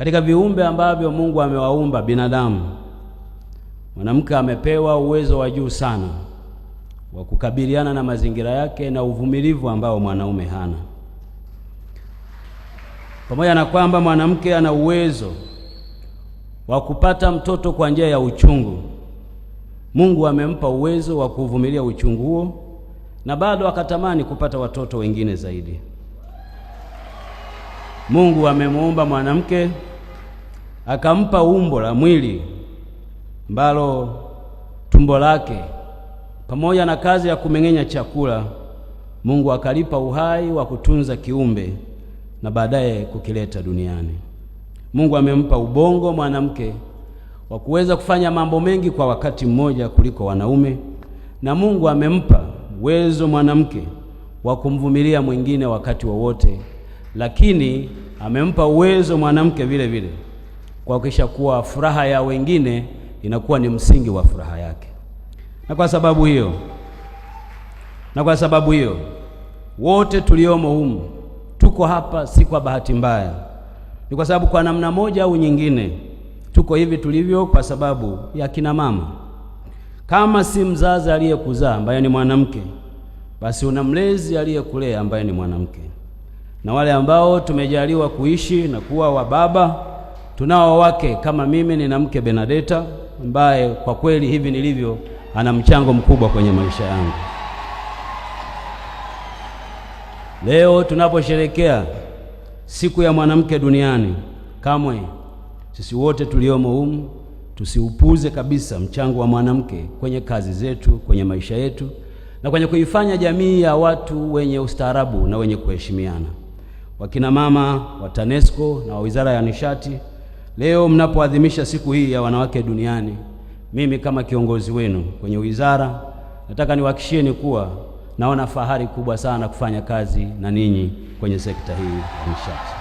Katika viumbe ambavyo Mungu amewaumba binadamu, mwanamke amepewa uwezo wa juu sana wa kukabiliana na mazingira yake na uvumilivu ambao mwanaume hana. Pamoja na kwamba mwanamke ana uwezo wa kupata mtoto kwa njia ya uchungu, Mungu amempa uwezo wa kuvumilia uchungu huo na bado akatamani kupata watoto wengine zaidi. Mungu amemuumba mwanamke akampa umbo la mwili ambalo tumbo lake pamoja na kazi ya kumeng'enya chakula, Mungu akalipa uhai wa kutunza kiumbe na baadaye kukileta duniani. Mungu amempa ubongo mwanamke wa kuweza kufanya mambo mengi kwa wakati mmoja kuliko wanaume, na Mungu amempa uwezo mwanamke wa kumvumilia mwingine wakati wowote wa, lakini amempa uwezo mwanamke vile vile kuhakikisha kuwa furaha ya wengine inakuwa ni msingi wa furaha yake. Na kwa sababu hiyo, na kwa sababu hiyo wote tuliomo humu tuko hapa si kwa bahati mbaya, ni kwa sababu kwa namna moja au nyingine tuko hivi tulivyo kwa sababu ya kina mama. Kama si mzazi aliyekuzaa ambaye ni mwanamke, basi una mlezi aliyekulea ambaye ni mwanamke, na wale ambao tumejaliwa kuishi na kuwa wababa Tunao wake kama mimi, nina mke Benadeta ambaye kwa kweli hivi nilivyo ana mchango mkubwa kwenye maisha yangu. Leo tunaposherekea siku ya mwanamke duniani, kamwe sisi wote tuliomo humu tusiupuze kabisa mchango wa mwanamke kwenye kazi zetu, kwenye maisha yetu na kwenye kuifanya jamii ya watu wenye ustaarabu na wenye kuheshimiana. Wakina mama wa TANESCO na wa Wizara ya Nishati Leo mnapoadhimisha siku hii ya wanawake duniani, mimi kama kiongozi wenu kwenye wizara nataka niwahakishieni kuwa naona fahari kubwa sana kufanya kazi na ninyi kwenye sekta hii ya nishati.